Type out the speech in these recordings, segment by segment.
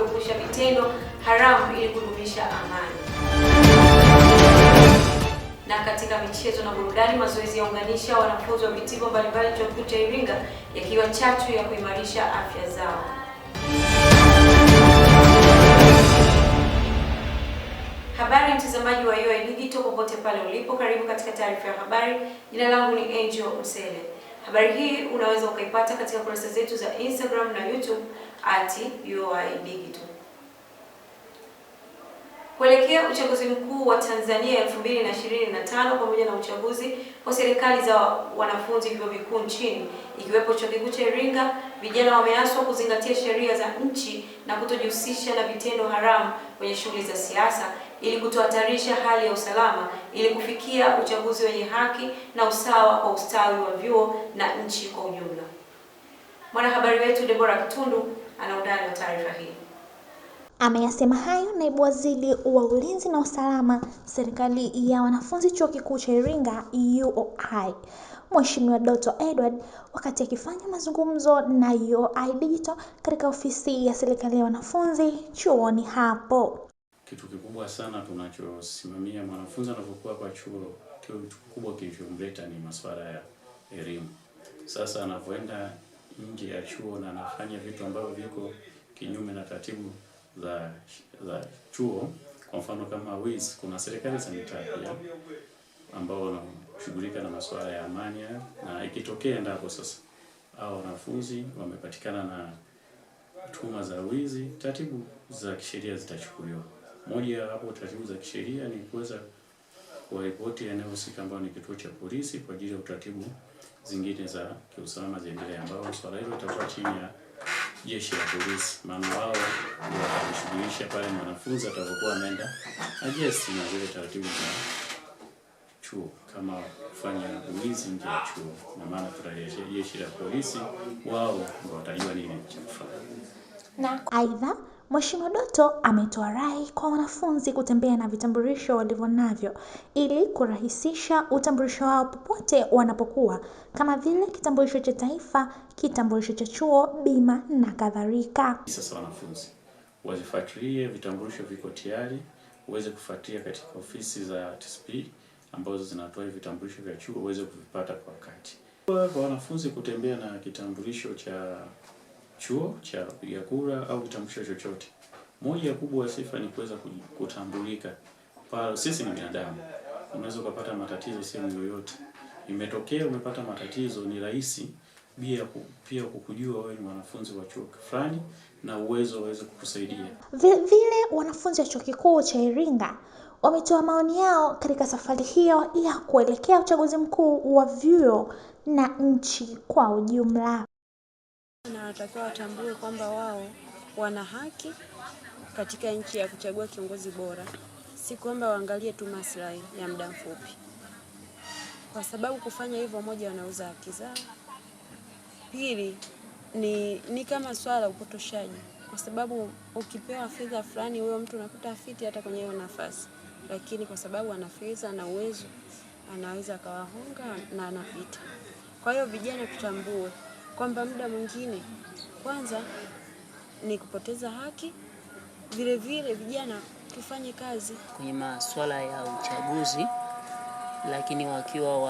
kuepusha vitendo haramu ili kudumisha amani. Na katika michezo na burudani, mazoezi yaunganisha wanafunzi wa vitivo mbalimbali Chuo Kikuu cha Iringa yakiwa chachu ya kuimarisha afya zao. Habari mtazamaji wa UoI Digital popote pale ulipo, karibu katika taarifa ya habari. Jina langu ni Angel Msele. Habari hii unaweza ukaipata katika kurasa zetu za Instagram na YouTube at UoI Digital. Kuelekea uchaguzi mkuu wa Tanzania 2025 pamoja na uchaguzi wa serikali za wanafunzi vyuo vikuu nchini ikiwepo Chuo Kikuu cha Iringa, vijana wameaswa kuzingatia sheria za nchi na kutojihusisha na vitendo haramu kwenye shughuli za siasa ili kutohatarisha hali ya usalama ili kufikia uchaguzi wenye haki na usawa kwa ustawi wa vyuo na nchi kwa ujumla. Mwanahabari wetu Deborah Kitundu ana undani wa taarifa hii. Ameyasema hayo naibu waziri wa ulinzi na usalama serikali ya wanafunzi chuo kikuu cha Iringa UoI Mheshimiwa Dr. Edward wakati akifanya mazungumzo na UoI Digital katika ofisi ya serikali ya wanafunzi chuoni hapo. Kitu kikubwa sana tunachosimamia mwanafunzi anapokuwa kwa chuo, kitu kikubwa kilichomleta ni masuala ya elimu. Sasa anapoenda nje ya chuo na anafanya vitu ambavyo viko kinyume na taratibu za, za chuo. Kwa mfano kama WIS, kuna serikali sanitari pia ambao wanashughulika na masuala ya amani, na ikitokea endapo sasa au wanafunzi wamepatikana na tuhuma za wizi, taratibu za kisheria zitachukuliwa. Moja hapo taratibu za kisheria ni kuweza kuripoti eneo husika ambayo ni kituo cha polisi kwa ajili ya utaratibu zingine za kiusalama ziendelee, ambao swala hilo itakuwa chini ya jeshi la polisi, maana wao watashughulisha pale mwanafunzi atakapokuwa ameenda ajesti na zile taratibu za chuo kama kufanya ulinzi nje ya chuo, na maana tutarejesha jeshi la polisi, wao ndio watajua nini cha kufanya. Na aidha Mheshimiwa Doto ametoa rai kwa wanafunzi kutembea na vitambulisho walivyonavyo ili kurahisisha utambulisho wao popote wanapokuwa kama vile kitambulisho cha taifa, kitambulisho cha chuo, bima na kadhalika. Sasa wanafunzi wazifuatilie, vitambulisho viko tayari, uweze kufuatilia katika ofisi za TSP ambazo zinatoa vitambulisho vya chuo uweze kuvipata kwa wakati. Kwa wanafunzi kutembea na kitambulisho cha chuo cha kupiga kura au kitambulisho chochote. Moja kubwa ya sifa ni kuweza kutambulika. Pale sisi ni binadamu, unaweza ukapata matatizo sehemu yoyote. Imetokea umepata matatizo, ni rahisi pia pia kukujua wewe ni mwanafunzi wa chuo fulani na uwezo waweze kukusaidia. Vile wanafunzi wa chuo kikuu cha Iringa wametoa maoni yao katika safari hiyo ya kuelekea uchaguzi mkuu wa vyuo na nchi kwa ujumla. Na wanatakiwa watambue kwamba wao wana haki katika nchi ya kuchagua kiongozi bora, si kwamba waangalie tu maslahi ya muda mfupi, kwa sababu kufanya hivyo, moja, wanauza haki zao, pili ni, ni kama swala upotoshaji, kwa sababu ukipewa fedha fulani, huyo mtu unakuta afiti hata kwenye hiyo nafasi, lakini kwa sababu ana fedha na uwezo, anaweza akawahonga na anapita. Kwa hiyo vijana tutambue kwamba muda mwingine kwanza ni kupoteza haki, vilevile vijana tufanye kazi kwenye masuala ya uchaguzi, lakini wakiwa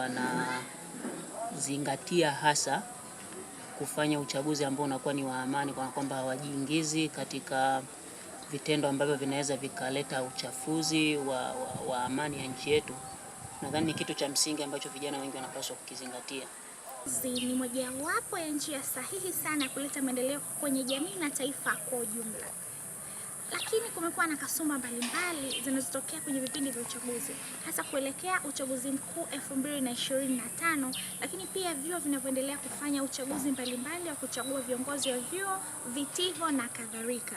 wanazingatia hasa kufanya uchaguzi ambao unakuwa ni wa amani, kwa kwamba hawajiingizi katika vitendo ambavyo vinaweza vikaleta uchafuzi wa, wa, wa amani ya nchi yetu. Nadhani ni kitu cha msingi ambacho vijana wengi wanapaswa kukizingatia. Hizi ni mojawapo ya njia sahihi sana ya kuleta maendeleo kwenye jamii na taifa kwa ujumla, lakini kumekuwa na kasumba mbalimbali zinazotokea kwenye vipindi vya uchaguzi, hasa kuelekea uchaguzi mkuu tano, lakini pia vyuo vinavyoendelea kufanya uchaguzi mbalimbali wa kuchagua viongozi wa vyuo, vitivo na kadhalika.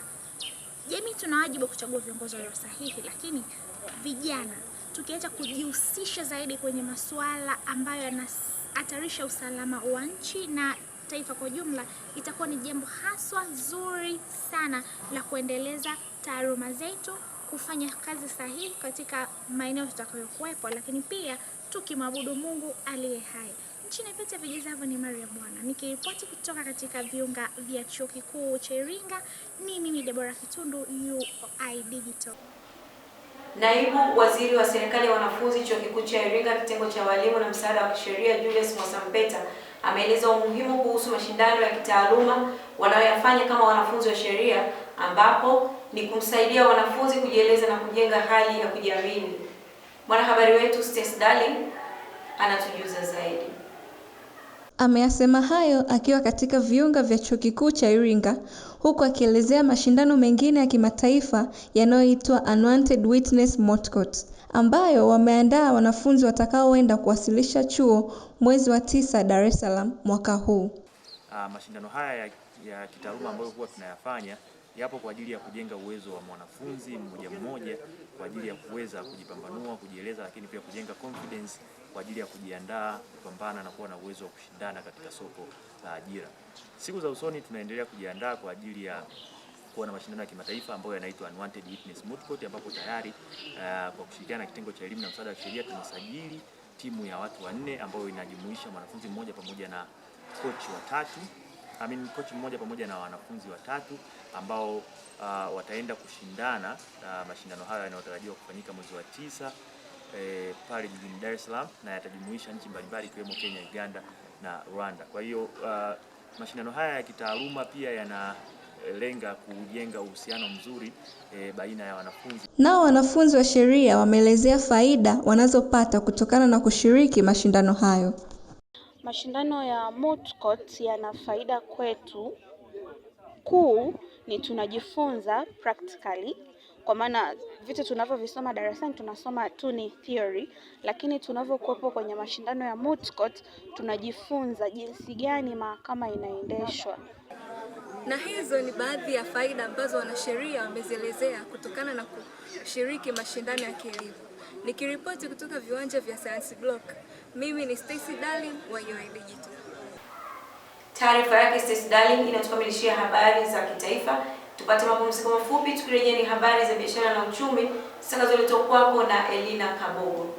Jamii tuna wajibu kuchagua viongozi walio sahihi, lakini vijana tukiacha kujihusisha zaidi kwenye masuala ambayo yana atarisha usalama wa nchi na taifa kwa jumla, itakuwa ni jambo haswa zuri sana la kuendeleza taaluma zetu, kufanya kazi sahihi katika maeneo tutakayokuwepo, lakini pia tukimwabudu Mungu aliye hai. Nchini pete vijazavyo ni maria Bwana, nikiripoti kutoka katika viunga vya chuo kikuu cha Iringa. Ni mimi Debora Kitundu, UoI Digital. Naibu Waziri wa Serikali ya Wanafunzi, Chuo Kikuu cha Iringa, kitengo cha walimu na msaada wa kisheria, Julius Mwasampeta ameeleza umuhimu kuhusu mashindano ya kitaaluma wanayoyafanya kama wanafunzi wa sheria, ambapo ni kumsaidia wanafunzi kujieleza na kujenga hali ya kujiamini. Mwanahabari wetu Stes Darling anatujuza zaidi. Ameyasema hayo akiwa katika viunga vya Chuo Kikuu cha Iringa huku akielezea mashindano mengine ya kimataifa yanayoitwa Unwanted Witness Motcourt ambayo wameandaa wanafunzi watakaoenda kuwasilisha chuo mwezi wa tisa Dar es Salaam mwaka huu. Uh, mashindano haya ya, ya kitaaluma ambayo huwa tunayafanya yapo kwa ajili ya kujenga uwezo wa mwanafunzi mmoja mmoja kwa ajili ya kuweza kujipambanua, kujieleza, lakini pia kujenga confidence kwa ajili ya kujiandaa kupambana na kuwa na uwezo wa kushindana katika soko za ajira. Siku za usoni tunaendelea kujiandaa kwa ajili ya kuwa na mashindano ya kimataifa ambayo yanaitwa Unwanted Witness Moot Court ambapo tayari uh, kwa kushirikiana na kitengo cha elimu na msaada wa sheria tumesajili timu ya watu wanne ambayo inajumuisha mwanafunzi mmoja pamoja na kochi watatu I mean, kochi mmoja pamoja na wanafunzi watatu ambao uh, wataenda kushindana uh, mashindano hayo yanayotarajiwa kufanyika mwezi wa tisa eh, pale jijini Dar es Salaam na yatajumuisha nchi mbalimbali ikiwemo Kenya, Uganda na Rwanda. Kwa hiyo uh, mashindano haya ya kitaaluma pia yana eh, lenga kujenga uhusiano mzuri e, baina ya wanafunzi. Nao wanafunzi wa sheria wameelezea faida wanazopata kutokana na kushiriki mashindano hayo. Mashindano ya moot court yana faida kwetu kuu ni tunajifunza practically, kwa maana vitu tunavyovisoma darasani tunasoma tu ni theory, lakini tunavyokuwepo kwenye mashindano ya moot court tunajifunza jinsi gani mahakama inaendeshwa. Na hizo ni baadhi ya faida ambazo wanasheria wamezielezea kutokana na kushiriki mashindano ya kielimu. Nikiripoti kutoka viwanja vya Science Block, mimi ni Stacy Darling wa UoI Digital. Taarifa yake Stacy Darling inatukamilishia habari za kitaifa. Tupate mapumziko mafupi, tukirejea ni habari za biashara na uchumi zitakazoletwa kwako na Elina Kabogo.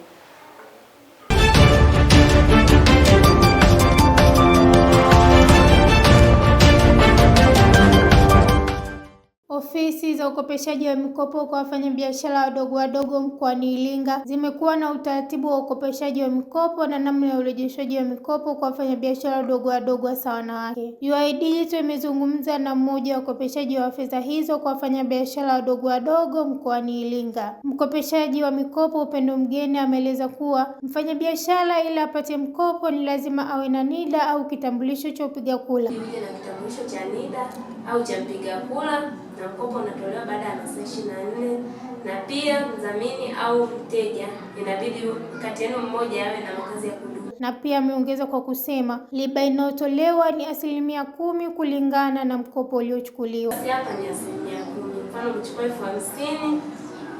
Ofisi za ukopeshaji wa mikopo kwa wafanyabiashara wadogo wadogo mkoani Iringa zimekuwa na utaratibu wa ukopeshaji wa mikopo na namna ya urejeshaji wa mikopo kwa wafanyabiashara wadogo wadogo hasa wanawake. UoI Digital imezungumza na mmoja wa ukopeshaji wa fedha hizo kwa wafanyabiashara wadogo wadogo mkoani Iringa. Mkopeshaji wa mikopo Upendo Mgeni ameeleza kuwa mfanyabiashara ili apate mkopo ni lazima awe na NIDA au kitambulisho cha upiga kula. Kitambulisho cha NIDA au cha mpiga kula na mkopo unatolewa baada ya masaa ishirini na nne na pia mdhamini au mteja inabidi kati yenu mmoja awe na makazi ya kudumu. Na pia ameongeza kwa kusema riba inayotolewa ni asilimia kumi kulingana na mkopo uliochukuliwa. Hapa ni asilimia kumi. Mfano, mchukua elfu hamsini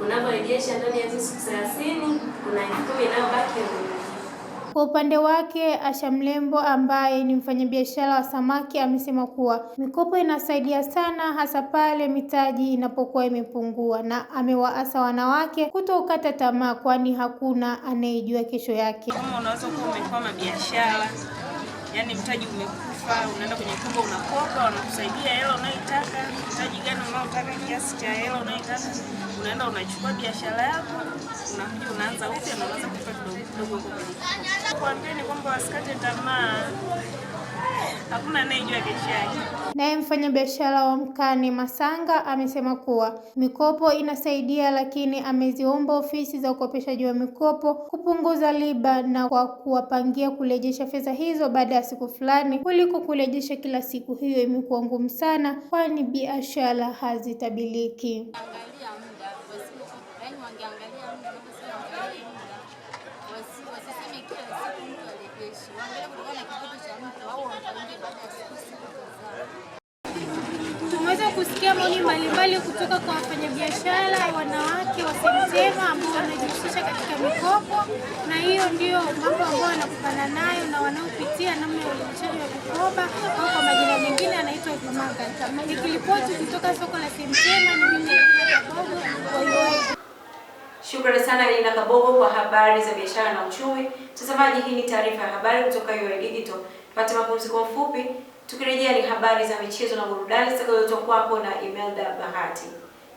unavyorejesha ndani ya siku thelathini kuna elfu kumi inayobaki kwa upande wake, Asha Mlembo ambaye ni mfanyabiashara wa samaki amesema kuwa mikopo inasaidia sana hasa pale mitaji inapokuwa imepungua na amewaasa wanawake kutokata tamaa kwani hakuna anayejua kesho yake. Kama unaweza kuwa umekwama biashara yani mtaji umekufa, unaenda kwenye kumbo, unakopa, wanakusaidia hela unaitaka, mtaji gani unaotaka, kiasi cha hela unaitaka, unaenda unachukua biashara yako, unakuja unaanza upya na unaanza kulipa kidogo kidogo. Kuambieni kwamba wasikate tamaa hakuna anayejua kesho yake. Naye mfanyabiashara wa mkani Masanga amesema kuwa mikopo inasaidia, lakini ameziomba ofisi za ukopeshaji wa mikopo kupunguza riba na kwa kuwapangia kurejesha fedha hizo baada ya siku fulani kuliko kurejesha kila siku. Hiyo imekuwa ngumu sana, kwani biashara hazitabiliki. tumepokea maoni mbalimbali kutoka kwa wafanyabiashara wanawake wasemsema ambao wanajihusisha katika mikopo, na hiyo ndio mambo ambayo wanakutana nayo na wanaopitia namna ya urudishaji wa mikoba au kwa majina mengine anaitwa vimanga. Nikiripoti kutoka soko la Semtema, ni mimi Kabogo. Shukrani sana Lina Kabogo kwa habari za biashara na uchumi. Mtazamaji, hii ni taarifa ya habari kutoka UoI Digital. Pata mapumziko mafupi. Tukirejea ni habari za michezo na burudani zitakazoletwa kwako na Imelda Bahati.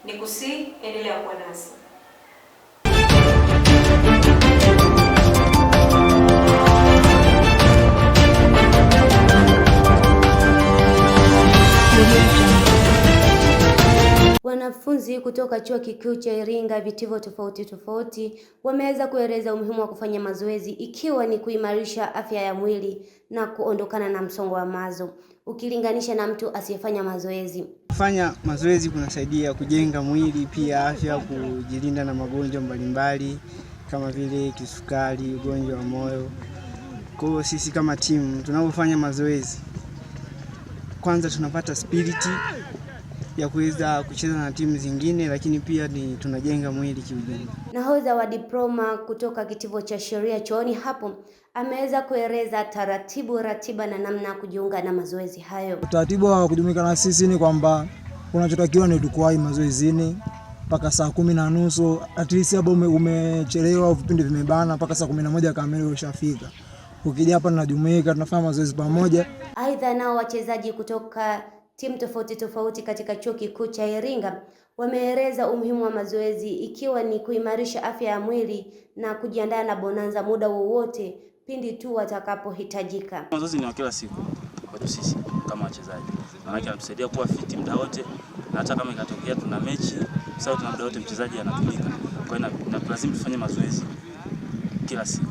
Nikusi endelea kuwa nasi. Wanafunzi kutoka Chuo Kikuu cha Iringa vitivo tofauti tofauti wameweza kueleza umuhimu wa kufanya mazoezi ikiwa ni kuimarisha afya ya mwili na kuondokana na msongo wa mawazo ukilinganisha na mtu asiyefanya mazoezi. Kufanya mazoezi kunasaidia kujenga mwili, pia afya, kujilinda na magonjwa mbalimbali kama vile kisukari, ugonjwa wa moyo. Kwa hiyo sisi kama timu tunapofanya mazoezi, kwanza tunapata spiriti ya kuweza kucheza na timu zingine, lakini pia ni tunajenga mwili kiujumla. Nahodha wa diploma kutoka kitivo cha sheria chooni hapo ameweza kueleza taratibu, ratiba na namna ya kujiunga na mazoezi hayo. Utaratibu wa kujumuika na sisi ni kwamba unachotakiwa ni tukuwahi mazoezini mpaka saa kumi na nusu at least hapo umechelewa, vipindi vimebana mpaka saa kumi na moja kamili ushafika. Ukija hapa tunajumuika tunafanya mazoezi pamoja. Aidha, nao wachezaji kutoka timu tofauti tofauti katika Chuo Kikuu cha Iringa wameeleza umuhimu wa mazoezi ikiwa ni kuimarisha afya ya mwili na kujiandaa na bonanza muda wowote pindi tu watakapohitajika. Mazoezi ni wa kila siku kwetu sisi kama wachezaji, maanake anatusaidia kuwa fiti muda wote, na hata kama ikatokea tuna mechi, sasa, tuna muda wote mchezaji anatumika, kwa hiyo lazima tufanye mazoezi kila siku.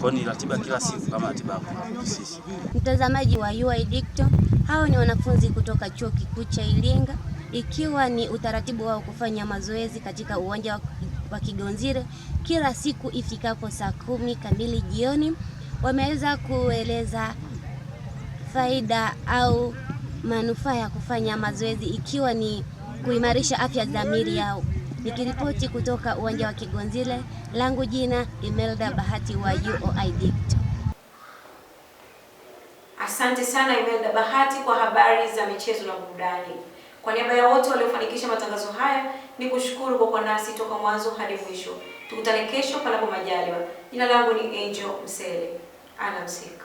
Kwa ni ratiba kila siku kama ratiba sisi. Mtazamaji wa UoI Digital, hao ni wanafunzi kutoka Chuo Kikuu cha Iringa, ikiwa ni utaratibu wao kufanya mazoezi katika uwanja wa Kigonzire kila siku ifikapo saa kumi kamili jioni. Wameweza kueleza faida au manufaa ya kufanya mazoezi ikiwa ni kuimarisha afya za miili yao. Nikiripoti kutoka uwanja wa Kigonzile, langu jina Imelda Bahati wa UoI Digital. Asante sana Imelda Bahati kwa habari za michezo na burudani. Kwa niaba ya wote waliofanikisha matangazo haya, ni kushukuru kwa kuwa nasi toka mwanzo hadi mwisho. Tukutane kesho panapo majaliwa. Jina langu ni Angel Msele. Alamsika.